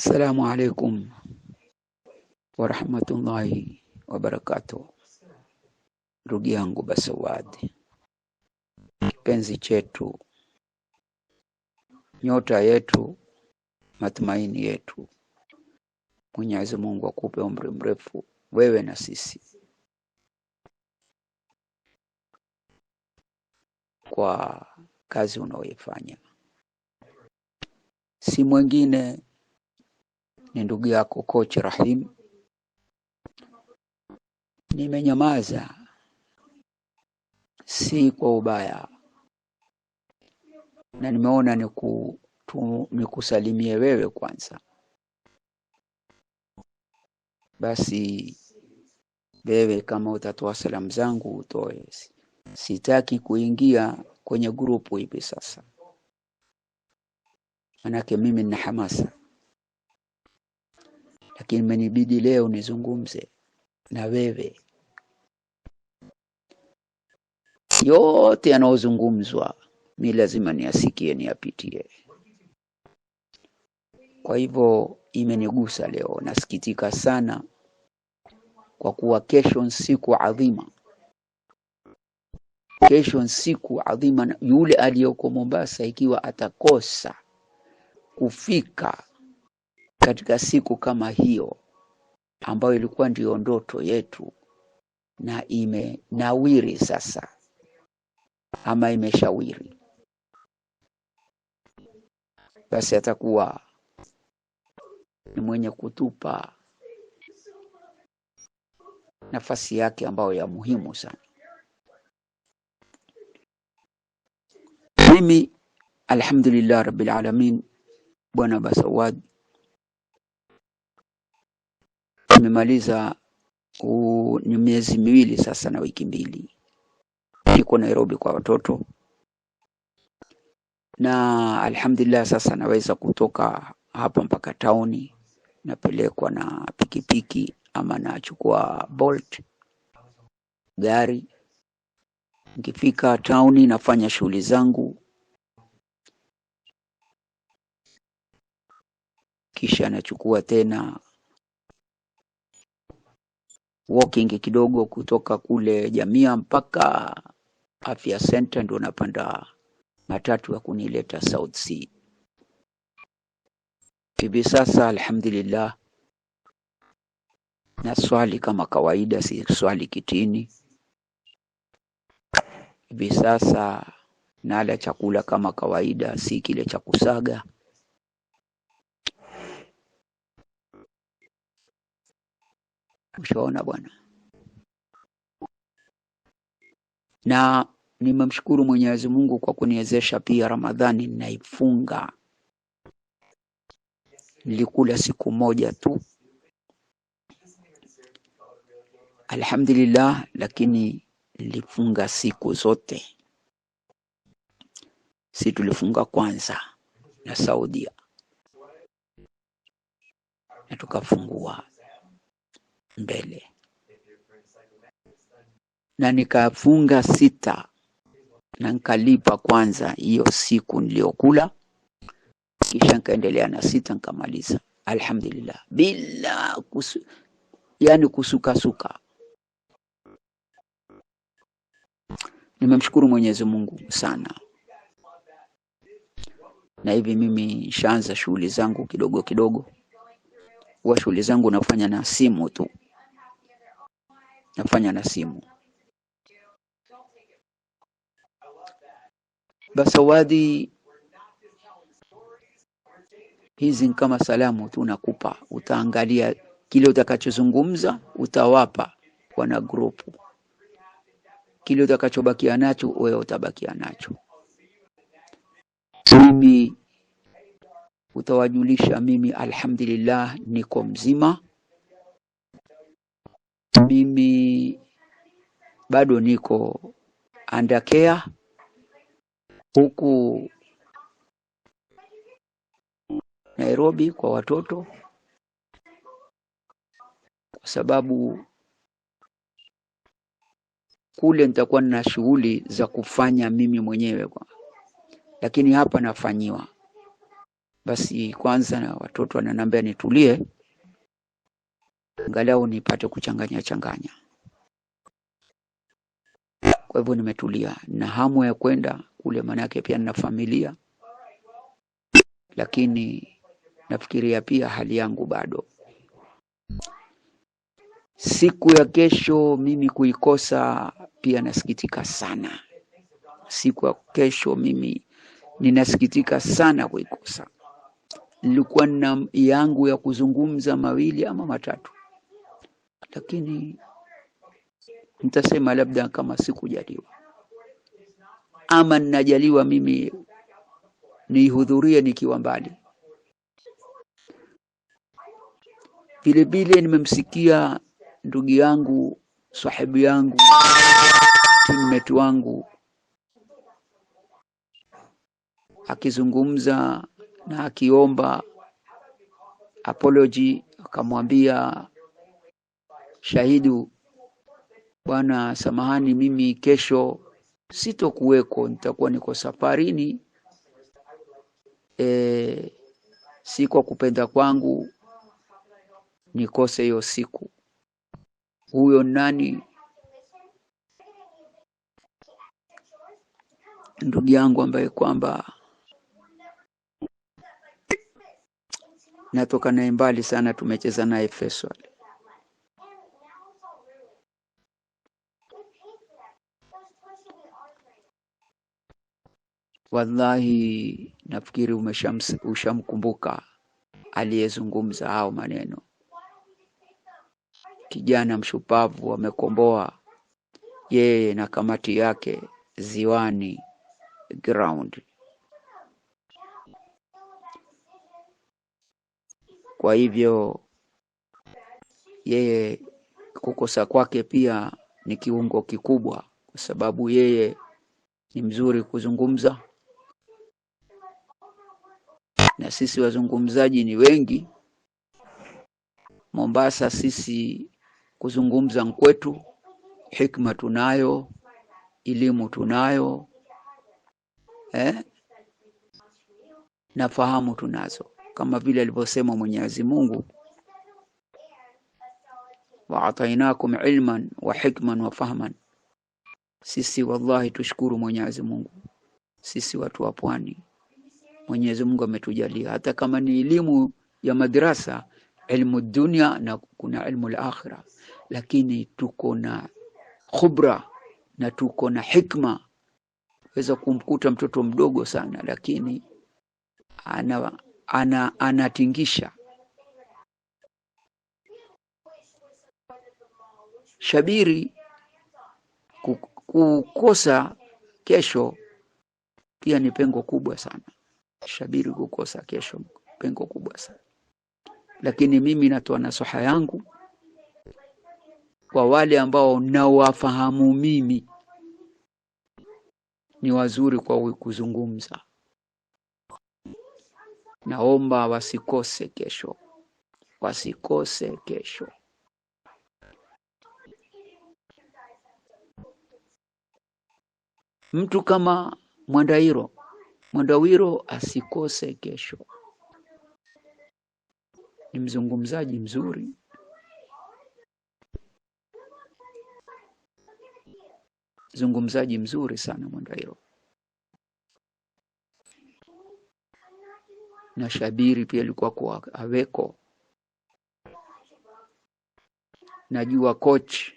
Assalamu alaikum warahmatullahi wabarakatuh. Ndugu yangu Basawadi, kipenzi chetu, nyota yetu, matumaini yetu, Mwenyezi Mungu akupe umri mrefu wewe na sisi kwa kazi unaoifanya, si mwingine ni ndugu yako coach Rahim. Nimenyamaza si kwa ubaya, na nimeona nikusalimie wewe kwanza. Basi wewe kama utatoa salamu zangu utoe, sitaki kuingia kwenye grupu hivi sasa, manake mimi nina hamasa lakini imenibidi leo nizungumze na wewe. Yote yanayozungumzwa mi lazima niyasikie, niyapitie. Kwa hivyo imenigusa leo, nasikitika sana kwa kuwa kesho ni siku adhima. Kesho ni siku adhima. Yule aliyoko Mombasa ikiwa atakosa kufika katika siku kama hiyo ambayo ilikuwa ndiyo ndoto yetu na imenawiri sasa ama imeshawiri, basi atakuwa ni mwenye kutupa nafasi yake ambayo ya muhimu sana. Mimi alhamdulillah rabbil alamin, Bwana Basawad nimemaliza huu ni miezi miwili sasa na wiki mbili niko Nairobi kwa watoto na alhamdulillah sasa naweza kutoka hapa mpaka tauni napelekwa na pikipiki ama nachukua bolt gari nikifika tauni nafanya shughuli zangu kisha nachukua tena walking kidogo kutoka kule Jamia mpaka Afya Center, ndio napanda matatu ya kunileta South Sea. Hivi sasa alhamdulillah, na swali kama kawaida, si swali kitini. Hivi sasa nala chakula kama kawaida, si kile cha kusaga Ushaona bwana, na nimemshukuru Mwenyezi Mungu kwa kuniwezesha pia. Ramadhani ninaifunga, nilikula siku moja tu alhamdulillah, lakini nilifunga siku zote. Si tulifunga kwanza na Saudia na tukafungua mbele na nikafunga sita na nikalipa kwanza hiyo siku niliyokula, kisha nikaendelea na sita nikamaliza, alhamdulillah bila kusu, yani kusukasuka. Nimemshukuru Mwenyezi Mungu sana, na hivi mimi nishaanza shughuli zangu kidogo kidogo. Huwa shughuli zangu nafanya na simu tu nafanya na simu basawadi hizi ni kama salamu tu nakupa utaangalia kile utakachozungumza utawapa wana grupu kile utakachobakia nacho wewe utabakia nacho mimi utawajulisha mimi alhamdulillah niko mzima mimi bado niko under care huku Nairobi kwa watoto, kwa sababu kule nitakuwa na shughuli za kufanya mimi mwenyewe kwa, lakini hapa nafanyiwa. Basi kwanza na watoto wananiambia nitulie angalau nipate kuchanganya changanya. Kwa hivyo nimetulia na hamu ya kwenda kule, maanake pia nina familia, lakini nafikiria pia hali yangu bado. Siku ya kesho mimi kuikosa pia nasikitika sana. Siku ya kesho mimi ninasikitika sana kuikosa. Nilikuwa na yangu ya kuzungumza mawili ama matatu lakini nitasema labda kama sikujaliwa ama ninajaliwa mimi niihudhurie nikiwa mbali vile vile nimemsikia ndugu yangu sahibu yangu teammate wangu akizungumza na akiomba apology akamwambia shahidu, bwana, samahani, mimi kesho sitokuweko, nitakuwa niko safarini, e, si kwa kupenda kwangu nikose hiyo siku. Huyo nani? Ndugu yangu ambaye kwamba natoka naye mbali sana, tumecheza naye Feswal Wallahi, nafikiri ushamkumbuka aliyezungumza hao maneno, kijana mshupavu amekomboa yeye na kamati yake ziwani ground. Kwa hivyo yeye kukosa kwake pia ni kiungo kikubwa, kwa sababu yeye ni mzuri kuzungumza na sisi wazungumzaji ni wengi Mombasa. Sisi kuzungumza nkwetu, hikma tunayo, elimu tunayo eh? na fahamu tunazo, kama vile alivyosema Mwenyezi Mungu, wa atainakum ilman wa hikman wa fahman. Sisi wallahi tushukuru Mwenyezi Mungu, sisi watu wa pwani Mwenyezi Mungu ametujalia, hata kama ni elimu ya madrasa, ilmu dunia na kuna ilmu al-akhira, lakini tuko na khubra na tuko na hikma. Weza kumkuta mtoto mdogo sana, lakini ana, ana, anatingisha shabiri kukosa kesho pia ni pengo kubwa sana. Shabiri kukosa kesho pengo kubwa sana, lakini mimi natoa nasoha yangu kwa wale ambao nawafahamu mimi ni wazuri kwa kuzungumza, naomba wasikose kesho, wasikose kesho. Mtu kama Mwandairo Mwandawiro asikose kesho. Ni mzungumzaji mzuri, mzungumzaji mzuri sana Mwandawiro, na Shabiri pia alikuwa kwa aweko. Najua coach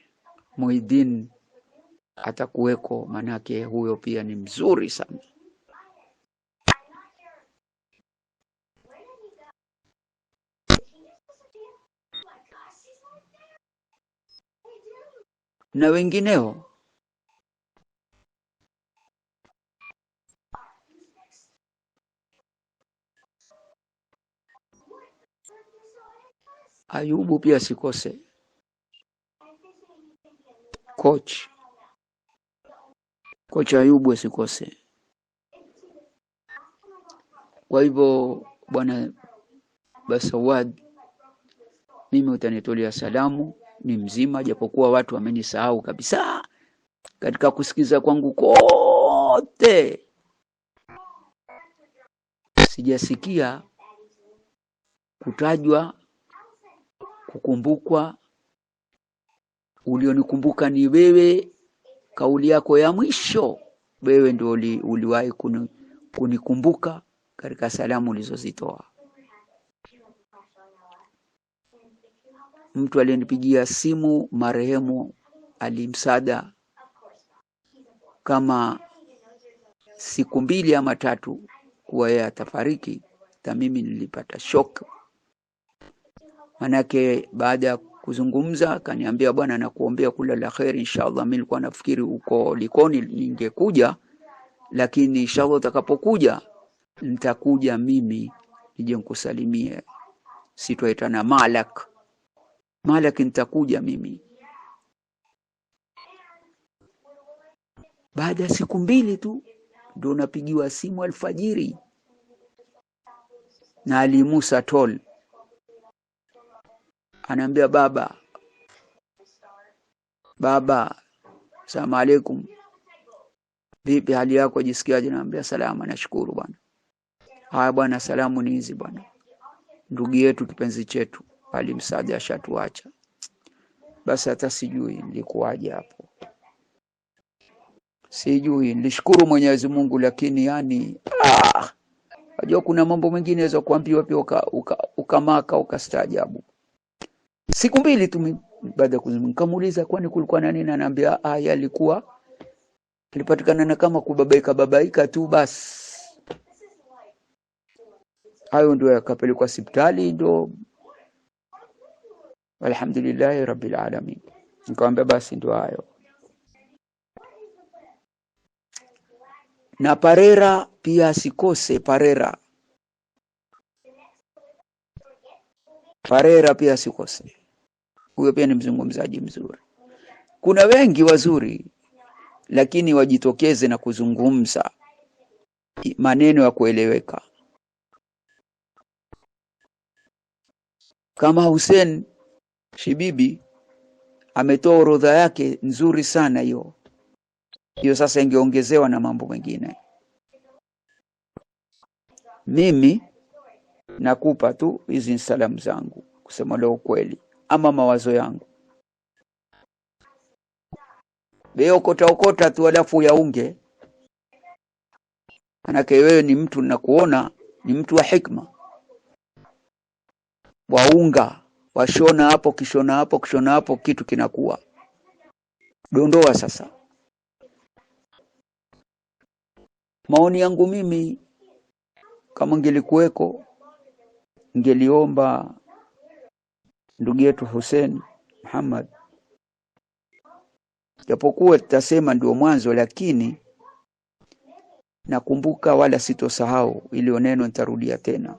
Muhidin atakuweko, manake huyo pia ni mzuri sana. na wengineo Ayubu pia asikose coach coach Ayubu asikose. Kwa hivyo bwana basawadi mimi utanitolea salamu, ni mzima, japokuwa watu wamenisahau kabisa katika kusikiza kwangu kote, sijasikia kutajwa, kukumbukwa. Ulionikumbuka ni wewe, kauli yako ya mwisho. Wewe ndio uliwahi kunikumbuka katika salamu ulizozitoa. mtu aliyenipigia simu marehemu alimsada kama siku mbili ama tatu kuwa yeye atafariki, na mimi nilipata shock, manake baada ya kuzungumza kaniambia, bwana, nakuombea kula la kheri inshallah. Mimi nilikuwa nafikiri uko Likoni ningekuja, lakini inshallah utakapokuja nitakuja mimi nije nikusalimie, sitwaitana malak malaki nitakuja mimi baada ya siku mbili tu ndio napigiwa simu alfajiri na Ali Musa Tol anaambia baba baba salamu alaikum vipi hali yako jisikiaje naambia salama nashukuru bwana haya bwana salamu ni hizi bwana ndugu yetu kipenzi chetu ali Msage ashatuacha, basi hata sijui nilikuwaje hapo, sijui. Nilishukuru Mwenyezi Mungu, lakini yani ah, kuna mambo mengine naweza kuambiwa pia ukamaka uka, uka ukastaajabu. Siku mbili tu baada ya kuzungumza, nikamuuliza kwani kulikuwa na nini? Ananiambia ah, yalikuwa ilipatikana na kama kubabaika babaika tu basi. Hayo ndio yakapelekwa hospitali, ndio walhamdulillahi rabbil alamin nikamwambia basi ndio hayo na parera pia asikose parera parera pia asikose huyo pia ni mzungumzaji mzuri kuna wengi wazuri lakini wajitokeze na kuzungumza maneno ya kueleweka kama Hussein Shibibi ametoa orodha yake nzuri sana hiyo hiyo, sasa ingeongezewa na mambo mengine. Mimi nakupa tu hizi salamu zangu, kusema leo kweli, ama mawazo yangu beokota okota tu, alafu yaunge. Manake wewe ni mtu nakuona, ni mtu wa hikma, waunga washona hapo, kishona hapo, kishona hapo, kitu kinakuwa. Dondoa sasa. Maoni yangu mimi, kama ngelikuweko, ngeliomba ndugu yetu Hussein Muhammad, japokuwa tutasema ndio mwanzo, lakini nakumbuka wala sitosahau, ilioneno neno nitarudia tena.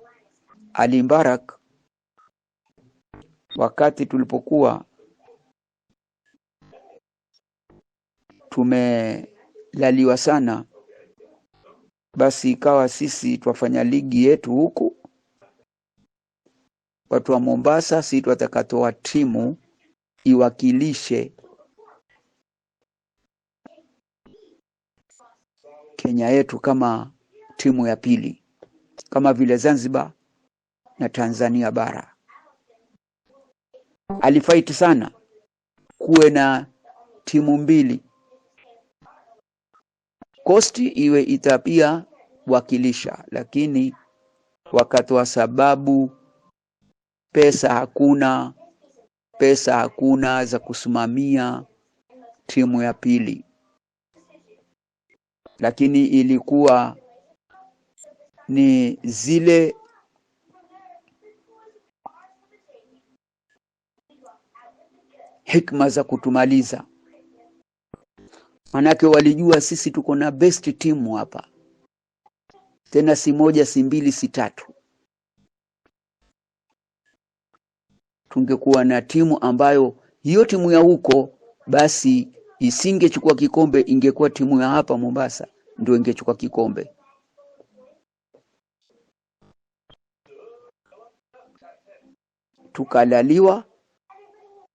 Ali Mbarak wakati tulipokuwa tumelaliwa sana, basi ikawa sisi twafanya ligi yetu huku, watu wa Mombasa, si twatakatoa timu iwakilishe Kenya yetu kama timu ya pili kama vile Zanzibar na Tanzania bara alifaiti sana kuwe na timu mbili kosti iwe itapia wakilisha lakini wakatoa sababu pesa hakuna pesa hakuna za kusimamia timu ya pili lakini ilikuwa ni zile hikma za kutumaliza. Manake walijua sisi tuko na best team hapa, tena si moja, si mbili, si tatu. Tungekuwa na timu ambayo hiyo timu ya huko basi isingechukua kikombe, ingekuwa timu ya hapa Mombasa ndio ingechukua kikombe. Tukalaliwa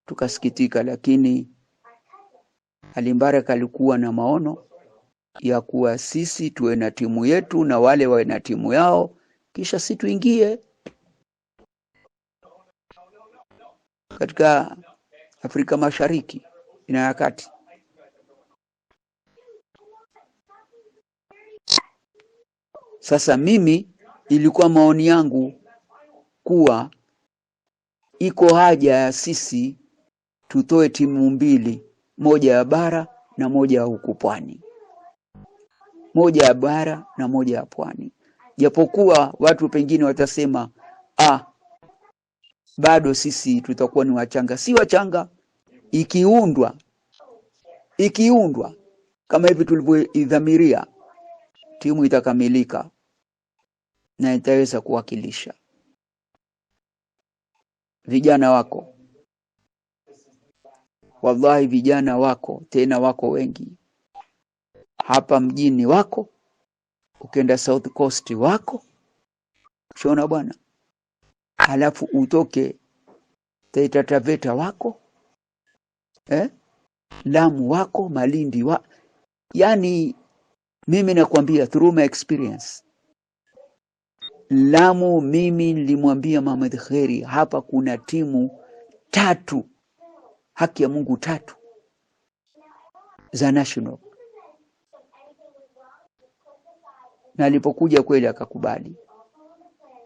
tukasikitika, lakini Alimbaraka alikuwa na maono ya kuwa sisi tuwe na timu yetu na wale wawe na timu yao, kisha si tuingie katika Afrika Mashariki na ya Kati. Sasa mimi ilikuwa maoni yangu kuwa iko haja ya sisi tutoe timu mbili, moja ya bara na moja ya huku pwani, moja ya bara na moja ya pwani. Japokuwa watu pengine watasema ah, bado sisi tutakuwa ni wachanga. Si wachanga, ikiundwa ikiundwa kama hivi tulivyoidhamiria, timu itakamilika na itaweza kuwakilisha vijana wako Wallahi vijana wako tena wako wengi hapa mjini, wako ukienda South Coast wako shona bwana, halafu utoke Taita Taveta wako eh? Lamu wako Malindi wa yani, mimi nakwambia through my experience Lamu, mimi nilimwambia Mohamed hapa kuna timu tatu haki ya Mungu tatu za national na alipokuja kweli akakubali.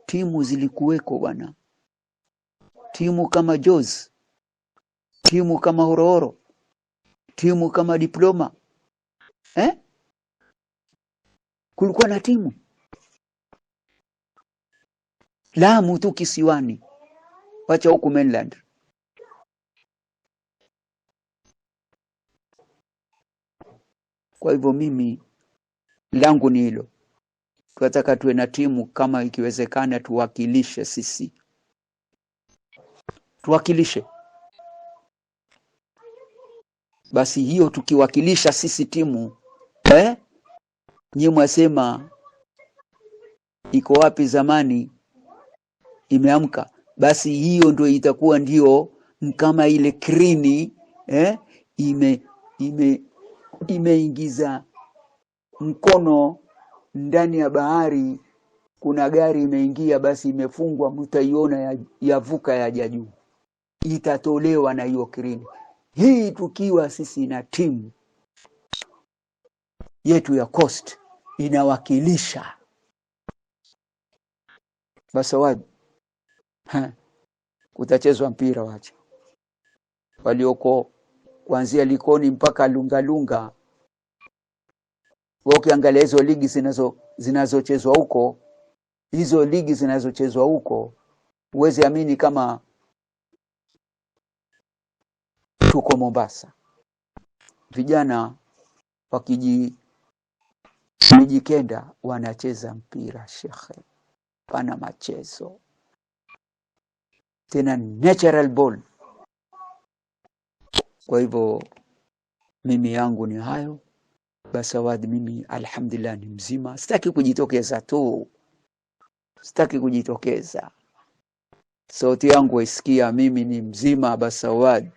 Timu zilikuweko bwana, timu kama Jozi, timu kama Horohoro, timu kama Diploma eh? Kulikuwa na timu Lamu tu kisiwani, wacha huku mainland Kwa hivyo mimi langu ni hilo, tunataka tuwe na timu, kama ikiwezekana tuwakilishe sisi, tuwakilishe basi. Hiyo tukiwakilisha sisi timu eh? Nyie mwasema iko wapi zamani imeamka, basi hiyo ndio itakuwa ndio kama ile krini eh? ime, ime imeingiza mkono ndani ya bahari, kuna gari imeingia, basi imefungwa, mtaiona yavuka ya yaja itatolewa na hiyo kirini hii. Tukiwa sisi na timu yetu ya Coast inawakilisha Basawadi, kutachezwa mpira, wacha walioko kuanzia Likoni mpaka Lungalunga. Wewe ukiangalia hizo ligi zinazo zinazochezwa huko, hizo ligi zinazochezwa huko, huwezi amini kama tuko Mombasa. Vijana wakiji mijikenda wanacheza mpira shekhe, pana machezo tena natural ball kwa hivyo mimi yangu ni hayo. Basawad, mimi alhamdulillah ni mzima, sitaki kujitokeza tu, sitaki kujitokeza. Sauti yangu waisikia, mimi ni mzima Basawad.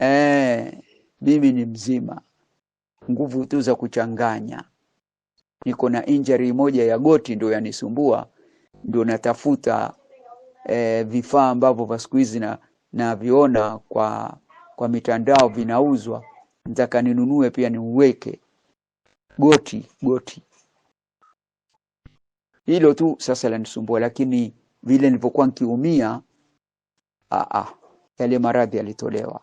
E, eh, mimi ni mzima, nguvu tu za kuchanganya. Niko na injury moja ya goti ndio yanisumbua, ndio natafuta e, vifaa ambavyo vya siku hizi na navyona kwa kwa mitandao vinauzwa, nataka ninunue pia niuweke goti goti. Hilo tu sasa lanisumbua, lakini vile nilivyokuwa nikiumia, yale maradhi yalitolewa,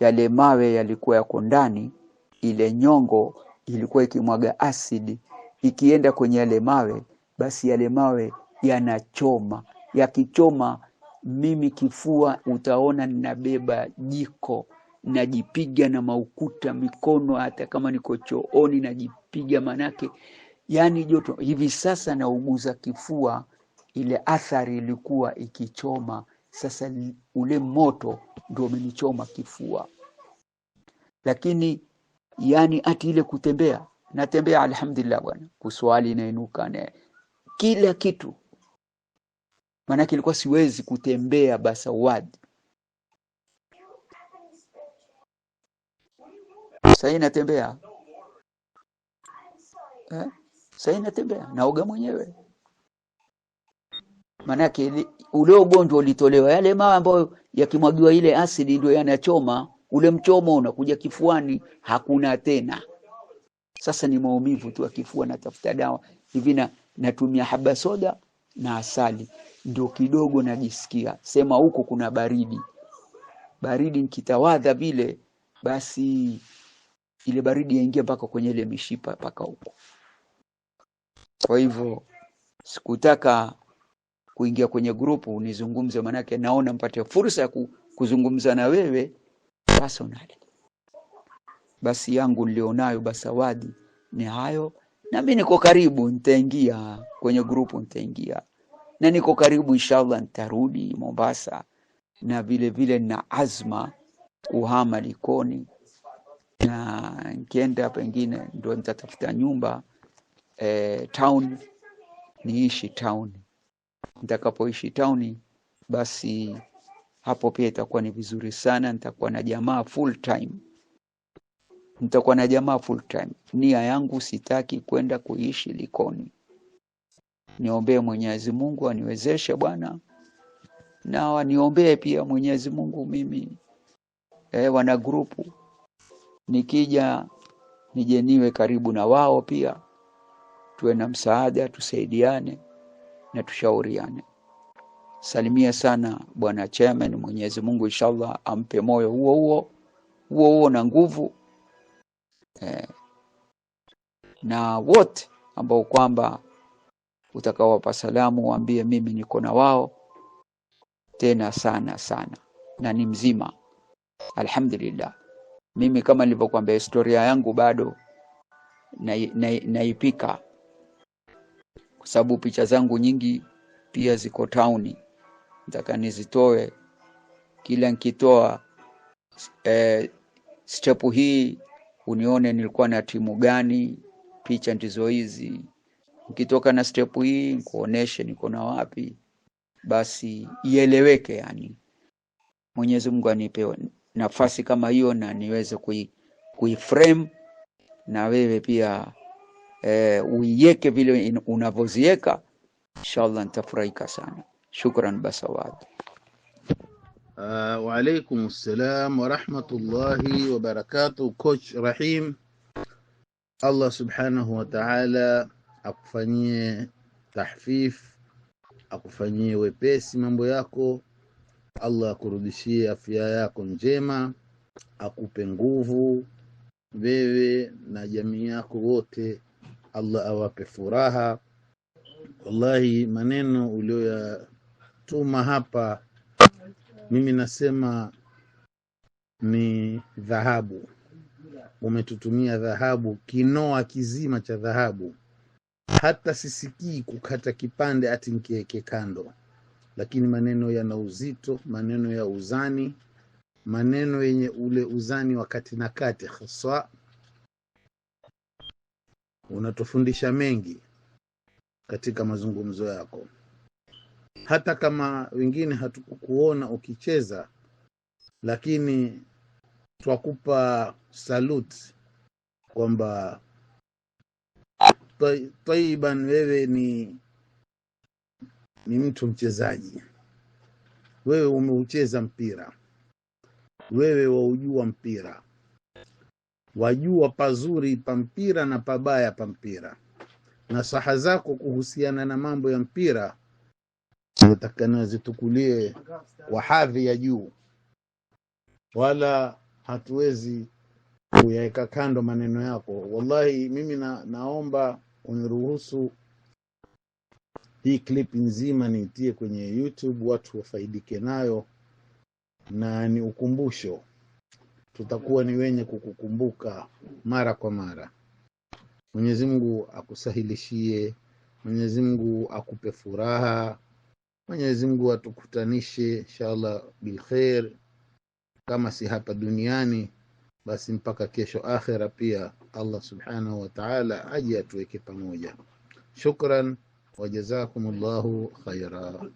yale mawe yalikuwa yako ndani, ile nyongo ilikuwa ikimwaga asidi ikienda kwenye yale mawe, basi yale mawe yanachoma, yakichoma mimi kifua utaona ninabeba jiko najipiga na maukuta mikono, hata kama niko chooni najipiga, manake yani joto hivi sasa nauguza kifua. Ile athari ilikuwa ikichoma, sasa ule moto ndio umenichoma kifua. Lakini yani ati ile kutembea, natembea alhamdulillah bwana, kuswali nainuka, na kila kitu maanake ilikuwa siwezi kutembea Basawad. Sahii natembea eh? Sahii natembea naoga mwenyewe, maanake ule ugonjwa ulitolewa. Yale mawe ambayo yakimwagiwa ile asidi ndio yanachoma, ule mchomo unakuja kifuani, hakuna tena. Sasa ni maumivu tu akifua natafuta dawa hivi natumia haba soda na asali ndio kidogo najisikia sema huko kuna baridi baridi nikitawadha vile basi ile baridi yaingia mpaka kwenye ile mishipa mpaka huko kwa hivyo sikutaka kuingia kwenye grupu nizungumze manake naona mpate fursa ya kuzungumza na wewe personally basi yangu nilionayo basawadi ni hayo na mimi niko karibu, nitaingia kwenye grupu, nitaingia na niko karibu, inshallah nitarudi Mombasa, na vile vile na azma kuhama Likoni, na nikienda pengine ndio nitatafuta nyumba eh, town niishi town. Nitakapoishi town, basi hapo pia itakuwa ni vizuri sana, nitakuwa na jamaa full time nitakuwa na jamaa full time. Nia yangu sitaki kwenda kuishi Likoni. Niombee Mwenyezi Mungu aniwezeshe Bwana, na waniombee pia Mwenyezi Mungu mimi e, wana grupu nikija nije niwe karibu na wao pia, tuwe na msaada, tusaidiane na tushauriane. Salimia sana bwana chairman. Mwenyezi Mungu inshallah ampe moyo huo huo huo huo na nguvu eh, na wote ambao kwamba utakaowapa salamu waambie mimi niko na wao tena sana sana na ni mzima alhamdulillah mimi kama nilivyokuambia historia yangu bado naipika na, na kwa sababu picha zangu nyingi pia ziko tauni nataka nizitoe kila nikitoa eh, step hii unione nilikuwa na timu gani, picha ndizo hizi, nikitoka na step hii nikuoneshe niko na wapi, basi ieleweke. Yani Mwenyezi Mungu anipe nafasi kama hiyo na niweze kui, frame na wewe pia e, eh, uiweke vile unavyoziweka, inshallah nitafurahika sana. Shukran basawati. Uh, wa alaikum salam wa rahmatullahi wa barakatuh. Coach Rahim, Allah subhanahu wa ta'ala akufanyie tahfif, akufanyie wepesi mambo yako. Allah akurudishie afya yako njema, akupe nguvu wewe na jamii yako wote. Allah awape furaha. Wallahi, maneno uliyoyatuma hapa mimi nasema ni dhahabu, umetutumia dhahabu, kinoa kizima cha dhahabu. Hata sisikii kukata kipande ati nkiweke kando, lakini maneno yana uzito, maneno ya uzani, maneno yenye ule uzani wa kati na kati. Haswa unatufundisha mengi katika mazungumzo yako hata kama wengine hatukukuona ukicheza, lakini twakupa salute kwamba taiban, wewe ni ni mtu mchezaji, wewe umeucheza mpira, wewe waujua mpira, wajua pazuri pa mpira na pabaya pa mpira, na saha zako kuhusiana na mambo ya mpira zinatakana zitukulie kwa hadhi ya juu, wala hatuwezi kuyaweka kando maneno yako. Wallahi mimi na, naomba uniruhusu hii clip nzima niitie kwenye YouTube watu wafaidike nayo, na ni ukumbusho, tutakuwa ni wenye kukukumbuka mara kwa mara. Mwenyezi Mungu akusahilishie, Mwenyezi Mungu akupe furaha Mwenyezi Mungu atukutanishe inshallah bilkhair, kama si hapa duniani basi mpaka kesho akhera pia. Allah subhanahu wa ta'ala aje atuweke pamoja. Shukran wa jazakumullahu khaira.